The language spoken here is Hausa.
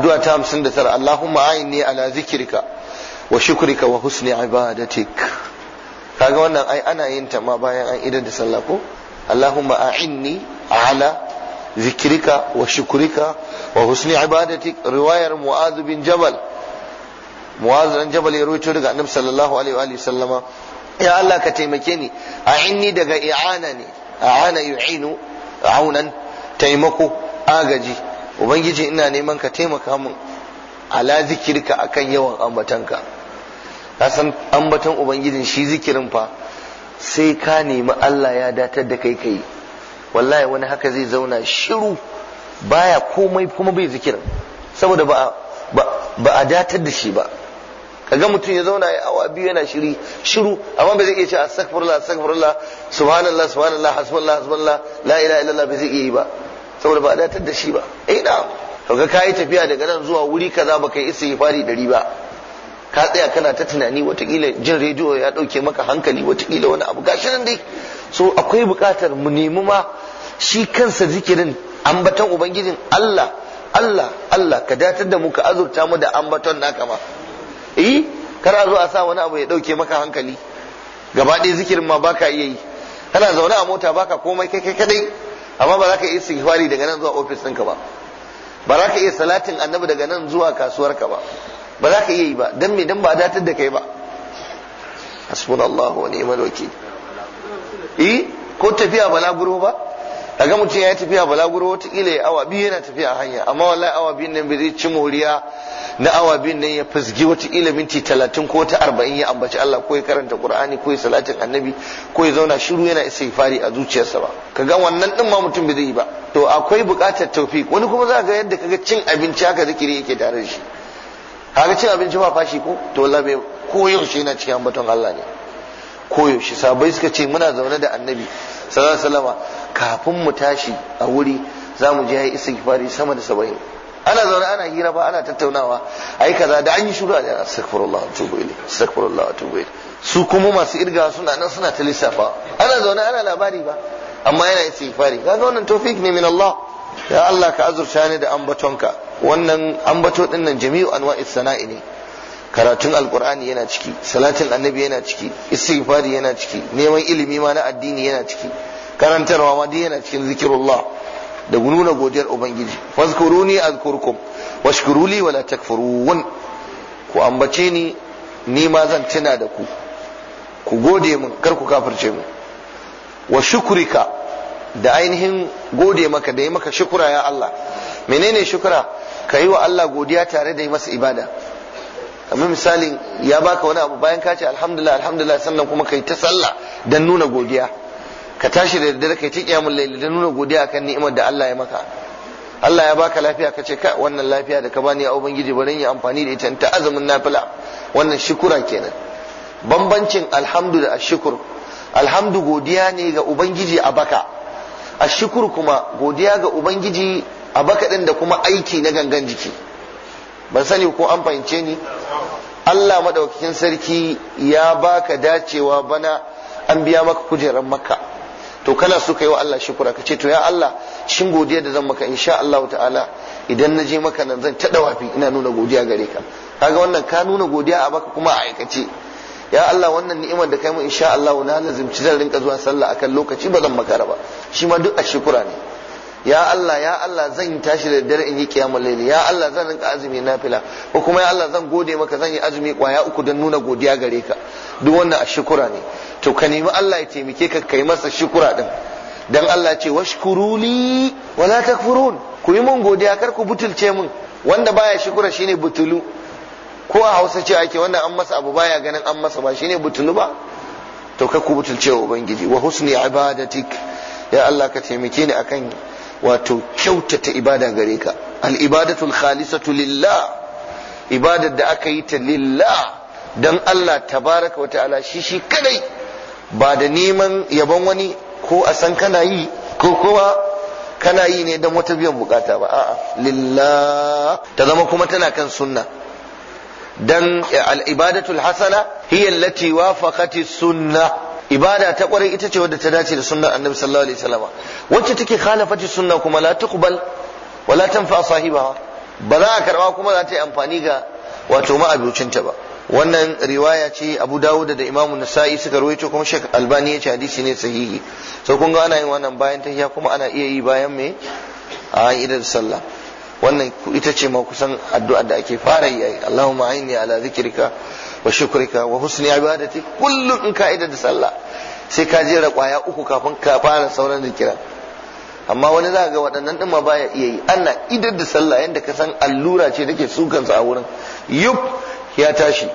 addu'a ta 59 Allahumma a'inni ala zikrika wa shukrika wa husni ibadatik kaga wannan ai ana yin ta ma bayan an idan da sallah ko Allahumma a'inni ala zikrika wa shukrika wa husni ibadatik riwayar Mu'adh bin Jabal Mu'adh bin Jabal ya rawaito daga Annabi sallallahu alaihi wa sallama ya Allah ka taimake ni a'inni daga i'ana ni a'ana yu'inu aunan taimako agaji ubangiji ina neman ka taimaka mun ala zikirka akan yawan ambatanka ka san ambatan ubangijin shi zikirin fa sai ka nemi Allah ya datar da kai kai wallahi wani haka zai zauna shiru baya komai kuma bai zikirin saboda ba ba a datar da shi ba kaga mutum ya zauna ya awa biyu yana shiri shiru amma ba zai iya ce astaghfirullah astaghfirullah subhanallah subhanallah hasbunallah hasbunallah la ilaha illallah ba zai iya yi ba saboda ba a datar da shi ba eh na to ga kai tafiya daga nan zuwa wuri kaza ba kai isa fari dari ba ka tsaya kana ta tunani watakila jin rediyo ya dauke maka hankali watakila wani abu gashi nan dai so akwai bukatar mu nemi ma shi kansa zikirin ambaton ubangijin Allah Allah Allah ka datar da mu ka azurta mu da ambaton naka ma eh kar a zo a sa wani abu ya dauke maka hankali gaba ɗaya zikirin ma baka iya yi kana zaune a mota baka komai kai kai kadai amma ba za ka iya istighfari daga nan zuwa ofis ɗinka ba ba za ka iya salatin annabi daga nan zuwa kasuwarka ba ba za ka iya yi ba dan me dan ba datar da kai ba asibin wa wani maloki yi eh? ko tafiya balaguro ba daga mutum ya tafiya balaguro wata ya awa biyu yana tafiya hanya amma wallahi awa biyun nan bai zai ci moriya na awa biyun nan ya fasgi wata ila minti talatin ko ta arba'in ya ambaci Allah ko ya karanta Qur'ani ko ya salatin annabi ko ya zauna shiru yana isa fari a zuciyarsa ba Ka ga wannan din ma mutum bai yi ba to akwai buƙatar tawfiq wani kuma za ga yadda kaga cin abinci haka zikiri yake tare da shi kaga cin abinci ba fashi ko to wallahi bai koyaushe yana cikin ambaton Allah ne koyaushe sabai suka ce muna zaune da annabi sallallahu alaihi wasallama kafin mu tashi a wuri za mu je ya yi istighfari sama da saba'in ana zaune ana hira ba ana tattaunawa ai kaza da an yi shuru a astaghfirullah tubu ilayh astaghfirullah tubu ilayh su kuma masu irga suna nan suna ta lissafa ana zaune ana labari ba amma yana istighfari kaga wannan tawfik ne min Allah ya Allah ka azurta ni da ambatonka wannan ambato din nan jami'u anwa'is sana'i ne karatun alqur'ani yana ciki salatin annabi yana ciki istighfari yana ciki neman ilimi ma na addini yana ciki karantarwa ma duk yana cikin zikirullah da nuna godiyar ubangiji fazkuruni azkurkum washkuruli wala takfurun ku ambace ni ni ma zan tuna da ku ku gode min kar ku kafirce mu wa shukrika da ainihin gode maka da yi maka shukura ya Allah menene shukura ka yi wa Allah godiya tare da yi masa ibada kamar misali ya baka wani abu bayan ka ce alhamdulillah alhamdulillah sannan kuma kai ta sallah dan nuna godiya ka tashi da daddare kai ta kiyamul layli da nuna godiya akan ni'imar da Allah ya maka Allah ya baka lafiya ka ce ka wannan lafiya da ka bani ya ubangiji bari yi amfani da ita ta azumin nafila wannan shukura kenan bambancin alhamdu da ashukur alhamdu godiya ne ga ubangiji a baka ashukur kuma godiya ga ubangiji a baka din da kuma aiki na gangan jiki ban sani ko an fahimce ni Allah madaukakin sarki ya baka dacewa bana an biya maka kujerar makka to kana so ka yi wa Allah shukura ka ce to ya Allah shin godiya da zan maka insha Allah ta'ala idan na je maka nan zan taɗa wafi ina nuna godiya gare ka kaga wannan ka nuna godiya a baka kuma a aikace ya Allah wannan ni'imar da kai mu insha Allah na lazimci zan rinka zuwa sallah akan lokaci ba zan makara ba shi ma duk a ne ya Allah ya Allah zan tashi da dare in yi kiyamul layli ya Allah zan rinka azumi nafila ko kuma ya Allah zan gode maka zan yi azumi kwaya uku don nuna godiya gare ka duk wannan a shukura ne to ka nemi Allah ya taimake ka kai masa shukura din dan Allah ce washkuruli wala takfurun ku yi mun godiya kar ku butulce mun wanda baya shukura shine butulu ko a Hausa ce ake wannan an masa abu baya ganin an masa ba shine butulu ba to kai ku butulce wa ubangiji wa husni ibadatik ya Allah ka taimake ni akan wato kyautata ibada gare ka al ibadatul khalisatu lillah ibadar da aka yi ta lillah don Allah tabaraka wata'ala shi shi kadai ba da neman yabon wani ko a san kana yi ko kowa kana yi ne don wata biyan bukata ba a'a lillah ta zama kuma tana kan sunna dan eh, al-ibadatul hasana hiya allati wafaqat sunna ibada ta kware ita ce wadda ta dace da sunnar annabi sallallahu alaihi wasallam wacce take khalafati sunna kuma la tuqbal wala tanfa sahibaha ba za a karba kuma za ta yi amfani ga wato ma'abucinta ba wannan riwaya ce Abu dawuda da Imam Nasa'i suka rawaito kuma Sheikh Albani ya ce hadisi ne sahihi so kun ga ana yin wannan bayan tahiya kuma ana iya yi bayan me a idan sallah wannan ita ce ma kusan addu'a da ake fara yi Allahumma aini ala zikrika wa shukrika wa husni ibadati kullum in ka da sallah sai ka jera kwaya uku kafin ka fara sauran zikira amma wani za ga waɗannan ɗin ma baya iya yi ana idar da sallah yadda ka san allura ce take sukansa a wurin yup ya tashi